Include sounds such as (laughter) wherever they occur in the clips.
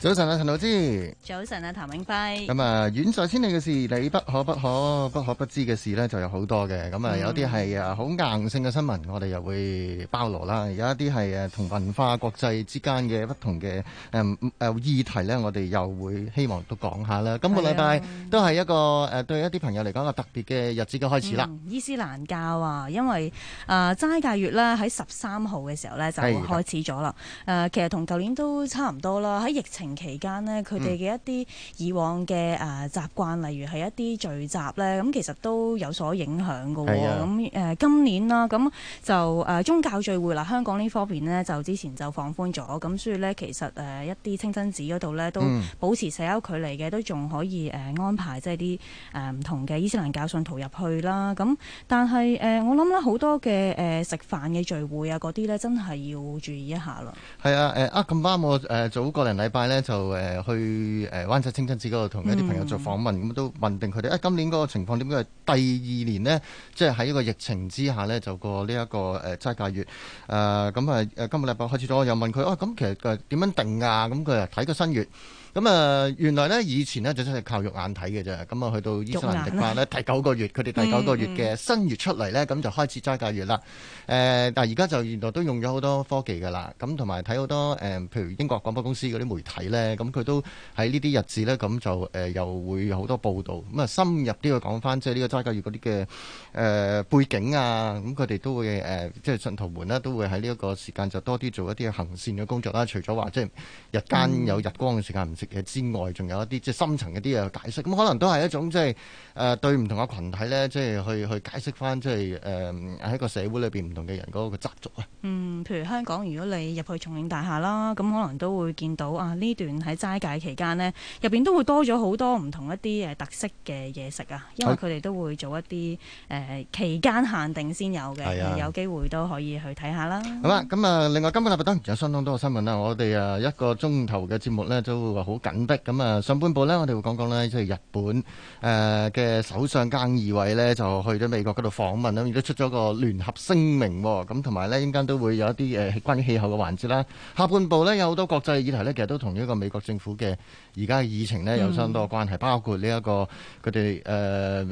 早晨啊，陳老師。早晨啊，譚永輝。咁啊，遠在千里嘅事，你不可、不可、不可不知嘅事咧，就有好多嘅。咁啊，有啲係啊好硬性嘅新聞，我哋又會包羅啦。有一啲係誒同文化、國際之間嘅不同嘅誒誒議題咧，我哋又會希望都講下啦。今個禮拜都係一個誒對一啲朋友嚟講個特別嘅日子嘅開始啦。伊斯蘭教啊，因為誒齋戒月咧喺十三號嘅時候咧就開始咗啦。誒，其實同舊年都差唔多啦。喺疫情期間呢，佢哋嘅一啲以往嘅誒、呃、習慣，例如係一啲聚集呢，咁其實都有所影響嘅，哦。咁誒、哎呀 嗯呃、今年啦，咁、嗯、就誒、呃、宗教聚會啦，香港呢方面呢，就之前就放寬咗，咁、嗯、所以呢，其實誒、呃、一啲清真寺嗰度呢，都保持社交距離嘅，都仲可以誒、呃、安排，即係啲誒唔同嘅伊斯蘭教信徒入去啦。咁、嗯、但係誒、呃，我諗呢好多嘅誒、呃、食飯嘅聚會啊嗰啲呢，真係要注意一下啦。係啊，誒啊咁啱我誒、呃、早個零禮拜呢，就誒去誒灣仔清真寺嗰度同一啲朋友做訪問，咁、嗯、都問定佢哋啊，今年嗰個情況點樣，第二年呢，即係喺一個疫情之下呢，就過、呢個呢一個誒齋戒月誒，咁啊誒今個禮拜開始咗，我又問佢哦，咁其實誒佢點樣定啊？咁佢啊睇個新月。咁啊，原來呢，以前呢，就真係靠肉眼睇嘅啫。咁啊，去到伊斯蘭迪拜呢，第九個月，佢哋第九個月嘅新月出嚟呢，咁、嗯、就開始齋戒月啦。誒，但係而家就原來都用咗好多科技㗎啦。咁同埋睇好多誒，譬如英國廣播公司嗰啲媒體呢，咁佢都喺呢啲日子呢，咁就誒又會有好多報導。咁啊，深入啲去講翻，即係呢個齋戒月嗰啲嘅誒背景啊，咁佢哋都會誒，即係信徒們呢，都會喺呢一個時間就多啲做一啲行善嘅工作啦。除咗話即係日間有日光嘅時間，嗯之外，仲有一啲即係深層一啲嘅解釋，咁可能都係一種即係誒對唔同嘅群體咧，即係去去解釋翻即係誒喺個社會裏邊唔同嘅人嗰個習俗啊。嗯，譬如香港，如果你入去重慶大廈啦，咁可能都會見到啊這段在呢段喺齋戒期間咧，入邊都會多咗好多唔同一啲誒、呃、特色嘅嘢食啊，因為佢哋都會做一啲誒、呃、期間限定先有嘅，的有機會都可以去睇下啦。好啦、嗯，咁啊、嗯，另外今日嘅報道有相當多嘅新聞啦，我哋啊一個鐘頭嘅節目咧都會好緊迫咁啊！上半部呢，我哋會講講呢，即係日本誒嘅、呃、首相菅義偉呢，就去咗美國嗰度訪問，咁亦都出咗個聯合聲明喎。咁同埋呢，應間都會有一啲誒關於氣候嘅環節啦。下半部呢，有好多國際議題呢，其實都同呢一個美國政府嘅而家嘅議程呢，有相當多嘅關係，包括呢、這、一個佢哋誒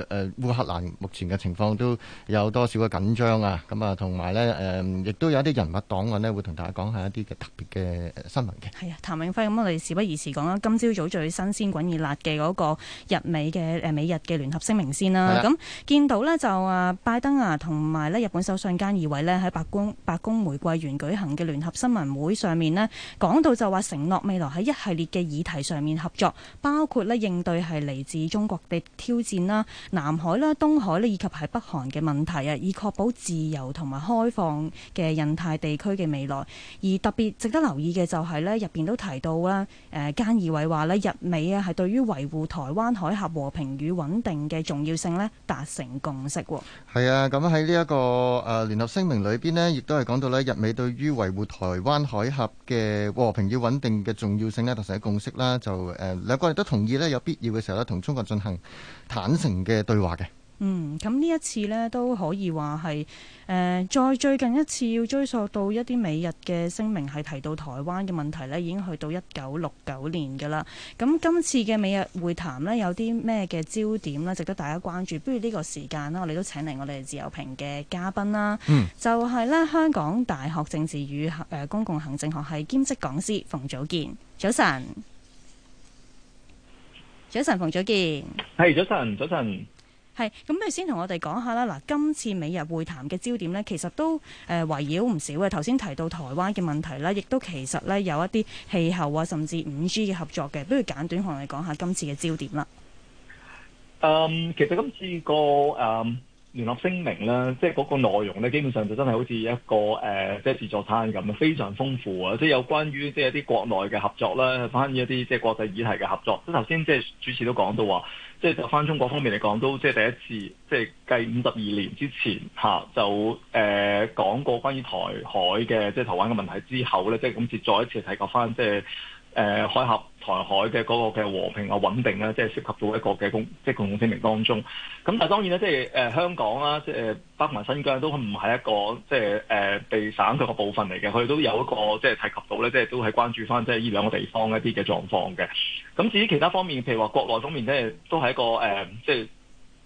誒烏克蘭目前嘅情況都有多少嘅緊張啊。咁啊，同埋呢，誒、呃，亦都有一啲人物檔案呢，會同大家講下一啲嘅特別嘅新聞嘅。係啊，譚永輝，咁我哋事不宜遲講。今朝早最新鮮滾熱辣嘅嗰個日美嘅誒美日嘅聯合聲明先啦，啊，咁 Yeah. 見到呢，就啊，拜登啊同埋咧日本首相菅義偉呢，喺白宮白宮玫瑰園舉行嘅聯合新聞會上面呢，講到就話承諾未來喺一系列嘅議題上面合作，包括呢應對係嚟自中國嘅挑戰啦、南海啦、東海呢，以及係北韓嘅問題啊，以確保自由同埋開放嘅印太地區嘅未來。而特別值得留意嘅就係、是、呢，入邊都提到啦誒間。呃而認為話咧，日美啊係對於維護台灣海峽和平與穩定嘅重要性咧達成共識。係啊，咁喺呢一個誒聯合聲明裏邊咧，亦都係講到咧，日美對於維護台灣海峽嘅和平與穩定嘅重要性咧達成共識啦，就誒兩、呃、個人都同意咧有必要嘅時候咧，同中國進行坦誠嘅對話嘅。嗯，咁呢一次呢都可以話係，誒、呃，再最近一次要追溯到一啲美日嘅聲明係提到台灣嘅問題呢已經去到一九六九年噶啦。咁今次嘅美日會談呢有啲咩嘅焦點呢值得大家關注？不如呢個時間啦，我哋都請嚟我哋自由評嘅嘉賓啦。嗯，就係呢香港大學政治與誒公共行政學系兼職講師馮祖建，早晨。早晨，馮祖建，係早晨，早晨。係，咁不如先同我哋講下啦。嗱，今次美日會談嘅焦點呢，其實都誒圍繞唔少嘅。頭先提到台灣嘅問題啦，亦都其實呢有一啲氣候啊，甚至五 G 嘅合作嘅。不如簡短同我哋講下今次嘅焦點啦。誒，um, 其實今次個、um 聯合聲明咧，即係嗰個內容咧，基本上就真係好似一個誒、呃，即係自助餐咁，非常豐富啊！即係有關於即係一啲國內嘅合作啦，反而一啲即係國際議題嘅合作。才即係頭先即係主持都講到話，即係就翻中國方面嚟講，都即係第一次，即係繼五十二年之前嚇、啊，就誒、呃、講過關於台海嘅即係台灣嘅問題之後咧，即係今次再一次提過翻即係。誒開合台海嘅嗰個嘅和平啊，穩定咧，即係涉及到一個嘅公即係共同聲明當中。咁但係當然咧，即係誒香港啦，即係北馬新疆都唔係一個即係誒地省嘅個部分嚟嘅。佢哋都有一個即係提及到咧，即係都係關注翻即係呢兩個地方一啲嘅狀況嘅。咁至於其他方面，譬如話國內方面即係都係一個誒即係。誒即係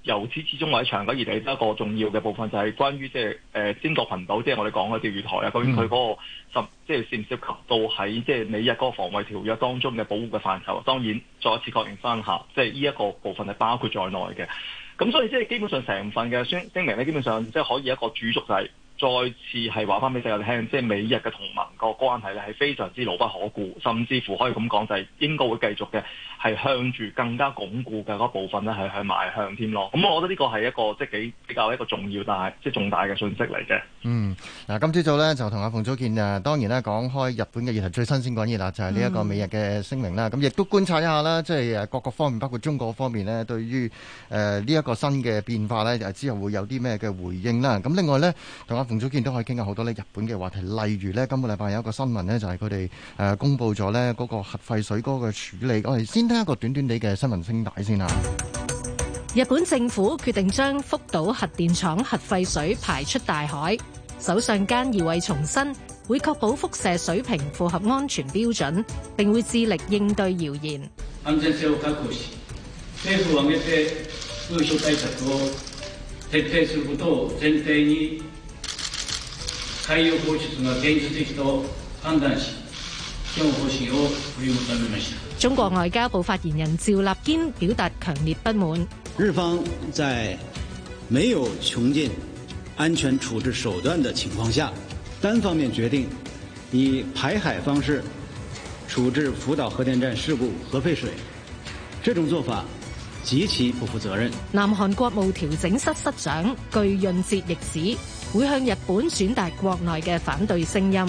由始至終喺長島而嚟都一個重要嘅部分就是關，就係關於即係誒尖閣群島，即、就、係、是、我哋講嘅釣魚台啊，究竟佢嗰、那個十即係涉唔涉及到喺即係美日嗰個防衛條約當中嘅保護嘅範疇？當然再一次確認翻下，即係呢一個部分係包括在內嘅。咁所以即係基本上成份嘅宣聲明咧，基本上即係、就是、可以一個主軸。再次係話翻俾世界聽，即係美日嘅同盟個關係咧，係非常之牢不可顧，甚至乎可以咁講，就係應該會繼續嘅，係向住更加鞏固嘅嗰部分咧，係去邁向添咯。咁我覺得呢個係一個即係幾比較一個重要但係即係重大嘅訊息嚟嘅。嗯，嗱，啊，今朝早呢就同阿馮祖建啊，當然咧講開日本嘅議題，最新鮮講嘢啦，就係呢一個美日嘅聲明啦。咁亦都觀察一下啦，即係誒各各方面包括中國方面呢，對於誒呢一個新嘅變化咧，之後會有啲咩嘅回應啦。咁另外呢，同阿馮祖建都可以傾下好多咧日本嘅話題，例如咧今個禮拜有一個新聞咧，就係佢哋誒公布咗咧嗰個核廢水嗰個處理。我哋先聽一個短短啲嘅新聞聲帶先啊！日本政府決定將福島核電廠核廢水排出大海，首相菅義偉重申會確保輻射水平符合安全標準，並會致力應對謠言。的電，中國外交部發言人趙立堅表達強烈不滿。日方在沒有窮盡安全處置手段的情況下，單方面決定以排海方式處置福島核電站事故核廢水，這種做法極其不負責任。南韓國務調整室室長據潤哲歷史會向日本傳達國內嘅反對聲音。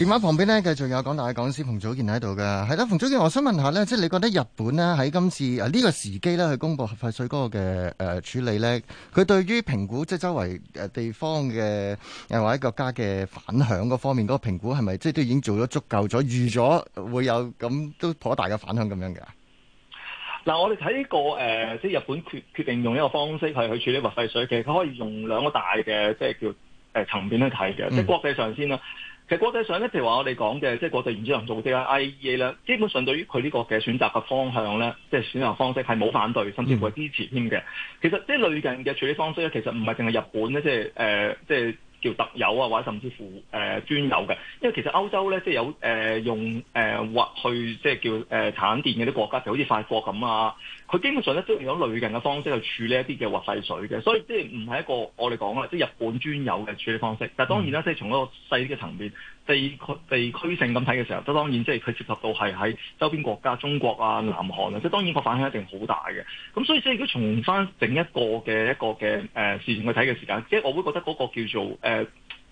電話旁邊呢，繼續有港大嘅講師馮祖建喺度嘅，係啦，馮祖建，我想問一下呢，即係你覺得日本呢，喺今次啊呢、呢個時機呢，去公布核廢水嗰個嘅誒、呃、處理呢，佢對於評估即係周圍誒地方嘅誒或者國家嘅反響嗰方面嗰、嗰個評估係咪即係都已經做咗足夠咗預咗會有咁都頗大嘅反響咁樣嘅？嗱、嗯，我哋睇呢個誒，即係日本決決定用呢個方式去處理核廢水，其實佢可以用兩個大嘅即係叫誒層面去睇嘅，即係國際上先啦。其實國際上咧，譬如話我哋講嘅，即係國際原子能組織啦、IAEA 啦，基本上對於佢呢個嘅選擇嘅方向咧，即係選擇方式係冇反對，甚至乎係支持添嘅。其實即係類近嘅處理方式咧，其實唔係淨係日本咧，即、呃、即係。叫特有啊，或者甚至乎誒、呃、專有嘅，因為其實歐洲咧，即係有誒、呃、用誒核、呃、去即係叫誒、呃、產電嘅啲國家，就好似法國咁啊，佢基本上咧都用咗類近嘅方式去處理一啲嘅核廢水嘅，所以即係唔係一個我哋講啦，即係日本專有嘅處理方式，但係當然啦，即係、嗯、從嗰個細啲嘅層面。地區地區性咁睇嘅時候，都當然即係佢接觸到係喺周邊國家、中國啊、南韓啊，即係當然個反響一定好大嘅。咁所以所以如果從翻整一個嘅一個嘅誒事情去睇嘅時間時，即係我會覺得嗰個叫做誒、呃、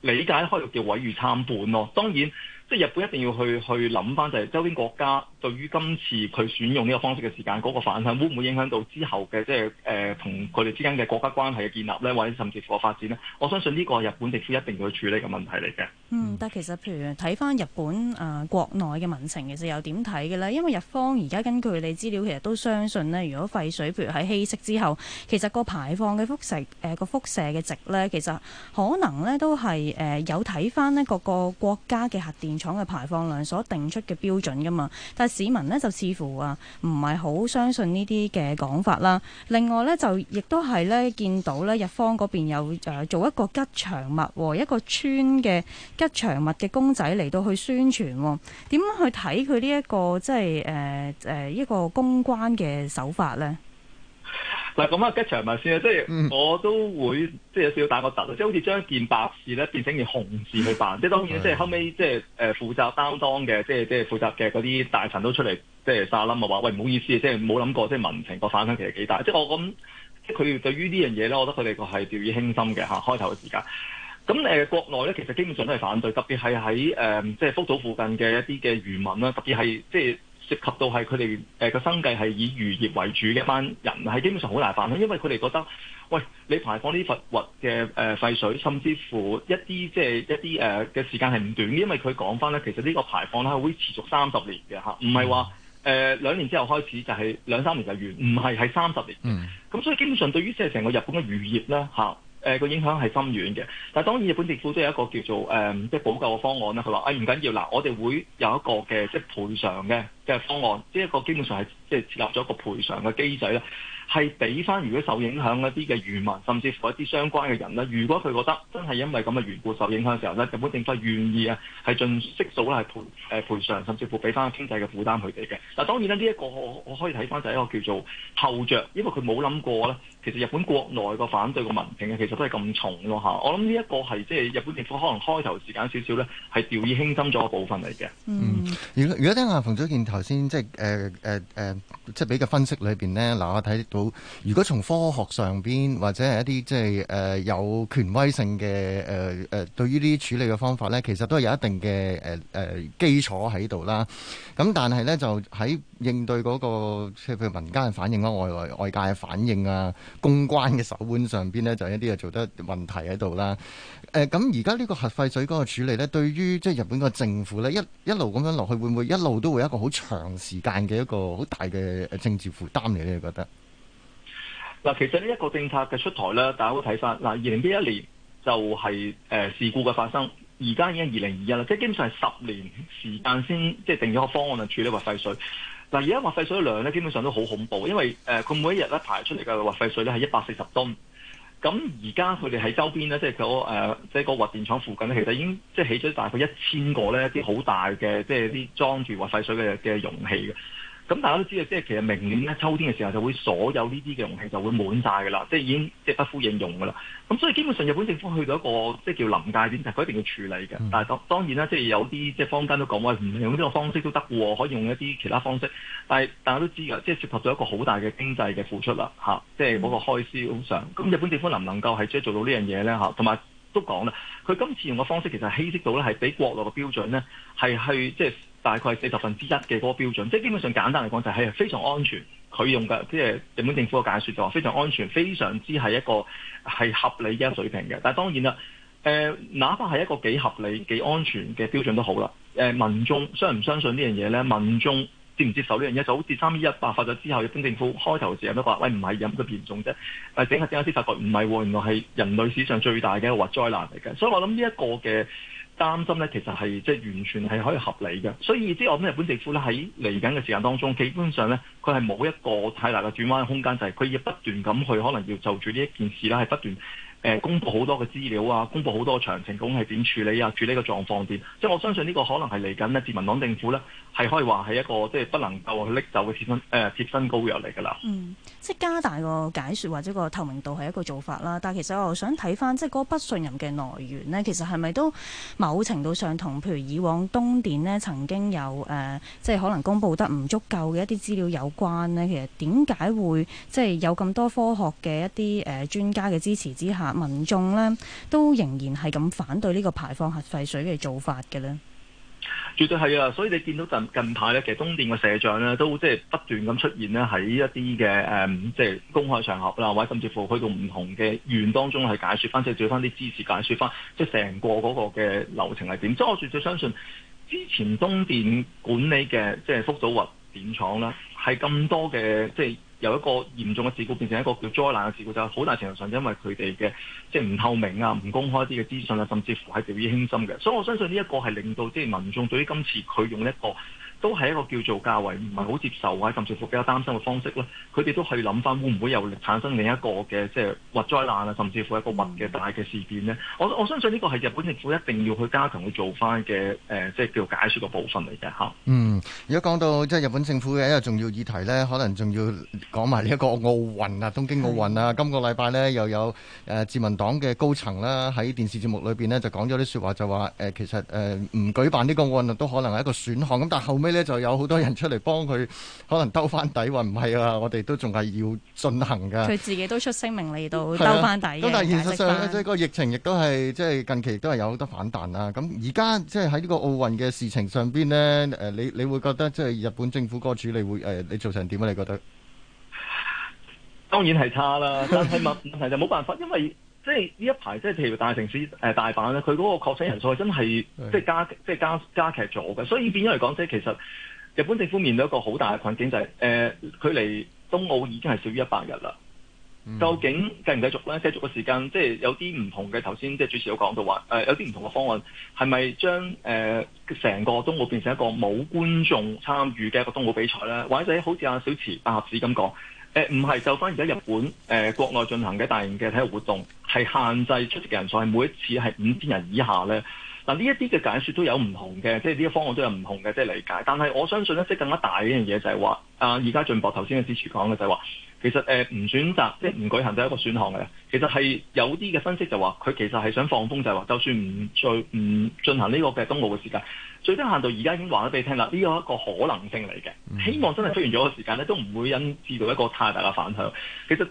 理解開叫毀譽參半咯。當然，即係日本一定要去去諗翻就係周邊國家。對於今次佢選用呢個方式嘅時間嗰、那個反響，會唔會影響到之後嘅即係誒同佢哋之間嘅國家關係嘅建立呢？或者甚至乎個發展呢？我相信呢個係日本政府一定要處理嘅問題嚟嘅。嗯，但其實譬如睇翻日本誒、呃、國內嘅民情，其實又點睇嘅呢？因為日方而家根據你資料，其實都相信呢，如果廢水譬如喺稀釋之後，其實個排放嘅輻射誒個輻射嘅值呢，其實可能呢都係誒、呃、有睇翻呢各個國家嘅核電廠嘅排放量所定出嘅標準㗎嘛。但市民呢就似乎啊唔係好相信呢啲嘅講法啦。另外呢，就亦都係呢見到呢日方嗰邊有誒做一個吉祥物一個村嘅吉祥物嘅公仔嚟到去宣傳，這個，點樣去睇佢呢一個即係誒誒一個公關嘅手法呢？嗱咁啊，吉祥咪先啊，即係我都會即係有少少打個突，即係好似將一件白事咧變成件紅事去辦，即係當然即係後尾，即係誒負責擔當嘅，即係即係負責嘅嗰啲大臣都出嚟即係沙冧啊，話，喂唔好意思，即係冇諗過，即係民情個反響其實幾大，即係我咁即係佢哋對於呢樣嘢咧，我覺得佢哋個係掉以輕心嘅嚇啊，開頭嘅時間。咁誒國內咧其實基本上都係反對，特別係喺誒即係福島附近嘅一啲嘅漁民啦，特別係即係。即係涉及到係佢哋誒個生計係以漁業為主嘅一班人，係基本上好難辦啦，因為佢哋覺得，喂，你排放呢啲佛核嘅誒廢水，甚至乎一啲即係一啲誒嘅時間係唔短嘅，因為佢講翻咧，其實呢個排放咧會持續三十年嘅嚇，唔係話誒兩年之後開始就係、是、兩三年就完，唔係係三十年。嗯。咁所以基本上對於即係成個日本嘅漁業咧誒個、呃、影響係深遠嘅，但係當然日本政府都有一個叫做誒即係補救嘅方案啦。佢話：誒、哎、唔緊要，嗱，我哋會有一個嘅即係賠償嘅即方案，呢、這、一個基本上係即係設立咗一個賠償嘅機制咧，係俾翻如果受影響的一啲嘅漁民，甚至乎一啲相關嘅人咧，如果佢覺得真係因為咁嘅緣故受影響嘅時候咧，日本政府係願意啊，係盡悉數咧係賠誒賠償，甚至乎俾翻經濟嘅負擔佢哋嘅。嗱，當然咧呢一個我我可以睇翻就係一個叫做後着，因為佢冇諗過咧。其實日本國內個反對個民情啊，其實都係咁重咯吓。我諗呢一個係即係日本政府可能開頭時間少少咧，係掉以輕心咗部分嚟嘅。嗯如、如果如果聽下馮祖建頭先即係誒誒誒，即係比較分析裏邊呢，嗱我睇到如果從科學上邊或者係一啲即係誒有權威性嘅誒誒，對於呢啲處理嘅方法呢，其實都係有一定嘅誒誒基礎喺度啦。咁但係呢，就喺應對嗰個，即譬如民間反應啦，外來外界嘅反應啊。公關嘅手腕上邊呢，就一啲嘢做得問題喺度啦。誒，咁而家呢個核廢水嗰個處理呢，對於即係日本個政府呢，一一路咁樣落去，會唔會一路都會有一個好長時間嘅一個好大嘅政治負擔嚟？你覺得。嗱，其實呢一個政策嘅出台呢，大家都睇翻嗱，二零一一年就係誒事故嘅發生，而家已經二零二一啦，即係基本上係十年時間先即係定咗個方案嚟處理核廢水。嗱，而家核廢水量咧，基本上都好恐怖，因為誒佢每一日咧排出嚟嘅核廢水咧係一百四十噸，咁而家佢哋喺周邊咧，即係、嗰個誒、呃，即係個核電廠附近咧，其實已經即係起咗大概一千個咧，一啲好大嘅，即係啲裝住核廢水嘅嘅容器嘅。咁大家都知道，即係其實明年咧秋天嘅時候就會所有呢啲嘅容器就會滿晒㗎啦，即係已經即係不敷應用㗎啦。咁所以基本上日本政府去到一個即係叫臨界點，就係佢一定要處理嘅。但係當當然啦，即係有啲即係坊間都講話唔用呢個方式都得喎，可以用一啲其他方式。但係大家都知㗎，即係涉及到一個好大嘅經濟嘅付出啦，吓、啊，即係嗰個開銷上。咁日本政府能唔能夠係即係做到呢樣嘢咧吓，同、啊、埋都講啦，佢今次用嘅方式其實稀釋到咧係比國內嘅標準咧係去即係。大概四十分之一嘅嗰個標準，即係基本上簡單嚟講就係非常安全。佢用嘅即係日本政府嘅解説就話非常安全，非常之係一個係合理嘅水平嘅。但係當然啦，誒、呃，哪怕係一個幾合理、幾安全嘅標準都好啦。誒、呃，民眾相唔相信這件事呢樣嘢咧？民眾接唔接受呢樣嘢就好似三一一爆發咗之後，日本政府開頭時係乜話？喂，唔係有咁嚴重啫。誒，整下整下先發覺唔係喎，原來係人類史上最大嘅一個核災難嚟嘅。所以我諗呢一個嘅。擔心咧，其實係即係完全係可以合理嘅，所以即係我諗日本政府咧喺嚟緊嘅時間當中，基本上咧佢係冇一個太大嘅轉彎嘅空間，就係、是、佢要不斷咁去可能要就住呢一件事啦，係不斷誒、呃、公佈好多嘅資料啊，公佈好多嘅詳情，講係點處理啊，處理個狀況點？即係我相信呢個可能係嚟緊呢，自民黨政府咧。係可以話係一個即係、就是、不能夠拎走嘅貼身誒貼身膏藥嚟㗎啦。嗯，即係加大個解説或者個透明度係一個做法啦。但係其實我又想睇翻，即係嗰個不信任嘅來源呢，其實係咪都某程度上同譬如以往東電呢曾經有誒、呃，即係可能公佈得唔足夠嘅一啲資料有關呢？其實點解會即係有咁多科學嘅一啲誒、呃、專家嘅支持之下，民眾呢都仍然係咁反對呢個排放核廢水嘅做法嘅呢？絕對係啊，所以你見到近近排咧，其實東電嘅社長咧都即係不斷咁出現咧，喺一啲嘅誒，即係公開場合啦，或者甚至乎去到唔同嘅縣當中去解説翻，即係做翻啲知識解説翻，即係成個嗰個嘅流程係點。即係我絕對相信，之前東電管理嘅即係福島核電廠啦，係咁多嘅即係。就是由一個嚴重嘅事故變成一個叫災難嘅事故，就好大程度上因為佢哋嘅即係唔透明啊、唔公開啲嘅資訊啊，甚至乎係掉以輕心嘅。所以我相信呢一個係令到即係民眾對於今次佢用一個。都係一個叫做價位唔係好接受或者甚至乎比較擔心嘅方式咧，佢哋都去諗翻會唔會又產生另一個嘅即係核災難啊，甚至乎一個核嘅大嘅事件呢。我我相信呢個係日本政府一定要去加強去做翻嘅誒，即、呃、係叫解説嘅部分嚟嘅嚇。嗯，而家講到即係日本政府嘅一個重要議題呢，可能仲要講埋呢一個奧運啊，東京奧運啊，的今個禮拜呢，又有誒、呃、自民黨嘅高層啦喺電視節目裏邊呢，就講咗啲説話，就話誒其實誒唔、呃、舉辦呢個奧運都可能係一個選項咁，但係後屘。咧就有好多人出嚟幫佢，可能兜翻底話唔係啊，我哋都仲係要進行噶。佢自己都出聲明嚟到兜翻底咁，啊、但係現實上咧，即係個疫情亦都係即係近期都係有好多反彈啊。咁而家即係喺呢個奧運嘅事情上邊呢，誒，你你會覺得即係日本政府個處理會誒，你做成點啊？你覺得？當然係差啦，但係問問題就冇辦法，因為。即係呢一排，即係譬如大城市大阪咧，佢嗰個確診人數是真係即係加即係的加加，加劇咗嘅，所以變咗嚟講，即係其實日本政府面對一個好大嘅困境，就係誒距離東奧已經係少於一百日啦。嗯、究竟繼唔繼續咧？繼續嘅時間，即係有啲唔同嘅頭先，即係主持、呃、有講到話有啲唔同嘅方案，係咪將誒成、呃、個東奧變成一個冇觀眾參與嘅一個東奧比賽咧？或者好似阿小池百合子咁講唔係就翻而家日本誒、呃、國內進行嘅大型嘅體育活動。係限制出席嘅人數，係每一次係五千人以下咧。嗱，呢一啲嘅解説都有唔同嘅，即係呢個方案都有唔同嘅，即係理解。但係我相信咧，即係更加大嘅一樣嘢就係話，啊，而家進博頭先嘅支持講嘅就係話，其實誒唔、呃、選擇即係唔舉行就係一個選項嘅。其實係有啲嘅分析就話，佢其實係想放風，就係話，就算唔進唔進行呢個嘅東奧嘅時間，最低限度而家已經話咗俾你聽啦，呢個係一個可能性嚟嘅。希望真係出現咗個時間咧，都唔會引致到一個太大嘅反響。其實。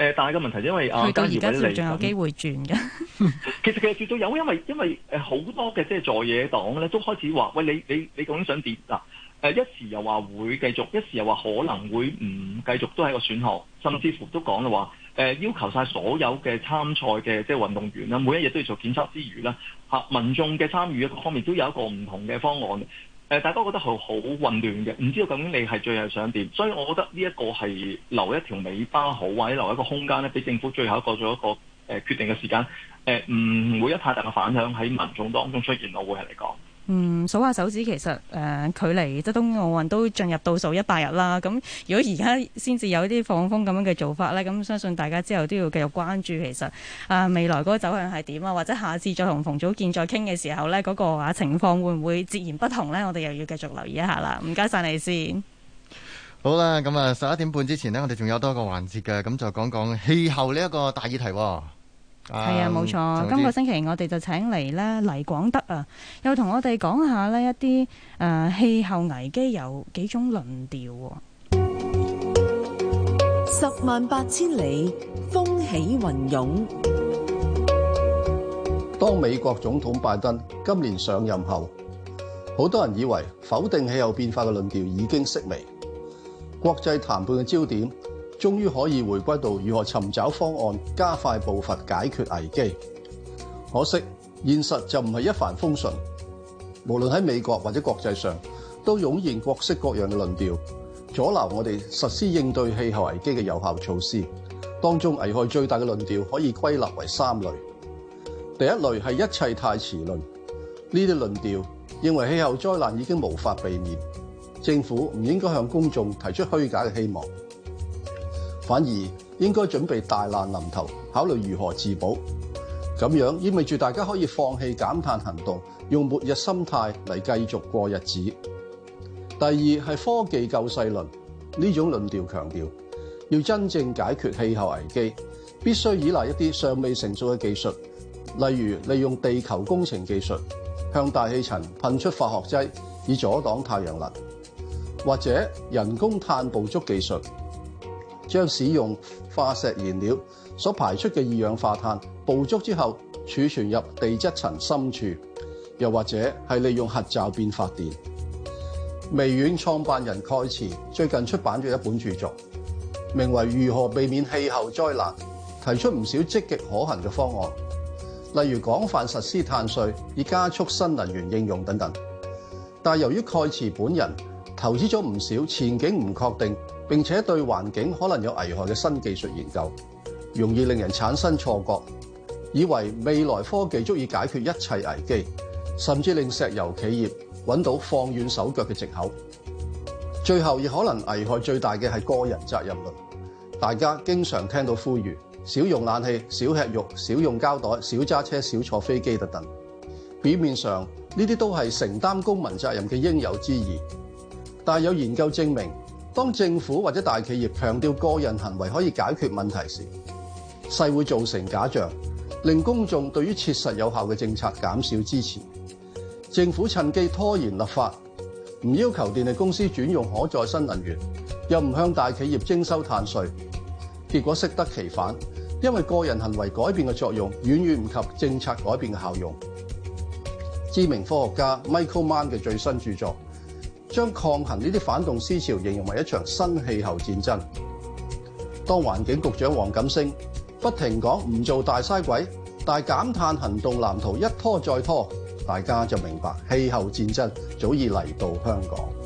誒、呃，但係個問題因為啊，佢到而家仲有機會轉嘅 (laughs) 。其實其實絕對有，因為因為誒好、呃、多嘅即係在野黨咧，都開始話：喂，你你你究竟想點嗱誒，一時又話會繼續，一時又話可能會唔繼續，都係一個選項。甚至乎都講嘅話誒、呃，要求晒所有嘅參賽嘅即係運動員啦，每一日都要做檢測之餘啦，嚇、呃、民眾嘅參與一方面都有一個唔同嘅方案。誒，大家都覺得係好混亂嘅，唔知道究竟你係最後想點，所以我覺得呢一個係留一條尾巴好，或者留一個空間咧，俾政府最後一個做一個誒、呃、決定嘅時間。誒、呃，唔會有太大嘅反響喺民眾當中出現。我會係嚟講。嗯，數下手指，其實誒、呃，距離東京奧運都進入倒數一百日啦。咁如果而家先至有啲放風咁樣嘅做法呢？咁相信大家之後都要繼續關注。其實啊，未來嗰個走向係點啊，或者下次再同馮祖建再傾嘅時候呢，嗰個、那個、啊、情況會唔會截然不同呢？我哋又要繼續留意一下啦。唔該晒你先。好啦，咁啊，十一點半之前呢，我哋仲有多一個環節嘅，咁就講講氣候呢一個大議題、哦。係、嗯、啊，冇錯。嗯、今個星期我哋就請嚟咧黎廣德啊，又同我哋講下呢一啲誒氣候危機有幾種論調、啊。十萬八千里，風起雲湧。當美國總統拜登今年上任後，好多人以為否定氣候變化嘅論調已經式微，國際談判嘅焦點。終於可以回歸到如何尋找方案，加快步伐解決危機。可惜現實就唔係一帆風順，無論喺美國或者國際上，都湧現各式各樣嘅論調，阻撓我哋實施應對氣候危機嘅有效措施。當中危害最大嘅論調可以歸納為三類。第一類係一切太遲論，呢啲論調認為氣候災難已經無法避免，政府唔應該向公眾提出虛假嘅希望。反而應該準備大難臨頭，考慮如何自保。咁樣意味住大家可以放棄減碳行動，用末日心態嚟繼續過日子。第二係科技救世論，呢種論調，強調要真正解決氣候危機，必須倚賴一啲尚未成熟嘅技術，例如利用地球工程技術向大氣層噴出化學劑以阻擋太陽能，或者人工碳捕捉技術。將使用化石燃料所排出嘅二氧化碳捕捉之後，儲存入地質層深處，又或者係利用核聚變發電。微軟創辦人蓋茨最近出版咗一本著作，名為《如何避免氣候災難》，提出唔少積極可行嘅方案，例如廣泛實施碳稅，以加速新能源應用等等。但由於蓋茨本人投資咗唔少，前景唔確定，並且對環境可能有危害嘅新技術研究，容易令人產生錯覺，以為未來科技足以解決一切危機，甚至令石油企業揾到放軟手腳嘅藉口。最後，亦可能危害最大嘅係個人責任論。大家經常聽到呼籲少用冷氣、少吃肉、少用膠袋、少揸車、少坐飛機等等。表面上呢啲都係承擔公民責任嘅應有之義，但有研究證明。當政府或者大企業強調個人行為可以解決問題時，勢會造成假象，令公眾對於切實有效嘅政策減少支持。政府趁機拖延立法，唔要求電力公司轉用可再生能源，又唔向大企業徵收碳稅，結果適得其反，因為個人行為改變嘅作用遠遠唔及政策改變嘅效用。知名科學家 Michael Mann 嘅最新著作。將抗衡呢啲反動思潮形容為一場新氣候戰爭。當環境局長黃錦星不停講「唔做大嘥鬼」，但係減碳行動藍圖一拖再拖，大家就明白氣候戰爭早已嚟到香港。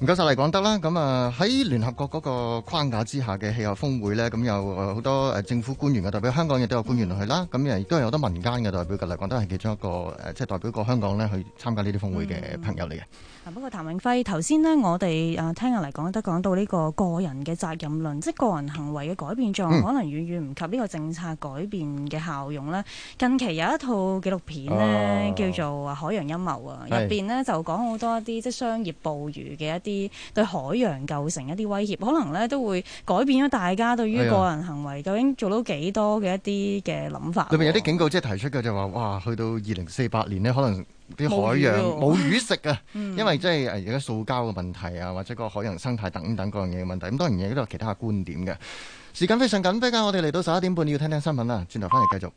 唔該晒黎廣德啦，咁啊喺聯合國嗰個框架之下嘅氣候峰會咧，咁有好多政府官員嘅代表，香港亦都有官員去啦。咁亦都係有好多民間嘅代表，黎廣德係其中一個即係代表過香港呢去參加呢啲峰會嘅朋友嚟嘅、嗯啊。不過譚永輝，頭先呢，我哋聽聽阿黎廣德講到呢個個人嘅責任論，即係個人行為嘅改變狀況，可能遠遠唔及呢個政策改變嘅效用啦、嗯、近期有一套紀錄片呢，哦、叫做《海洋陰謀》啊，入面呢就講好多一啲即商業捕魚嘅一啲對海洋構成一啲威脅，可能咧都會改變咗大家對於個人行為的究竟做到幾多嘅一啲嘅諗法。裏邊有啲警告，即係提出嘅就話：哇，去到二零四八年呢，可能啲海洋冇魚食啊！因為、 (laughs) 嗯、即係而家塑膠嘅問題啊，或者個海洋生態等等各樣嘢嘅問題。咁當然亦都有其他嘅觀點嘅。時間非常緊迫噶，我哋嚟到十一點半要聽聽新聞啦。轉頭翻嚟繼續。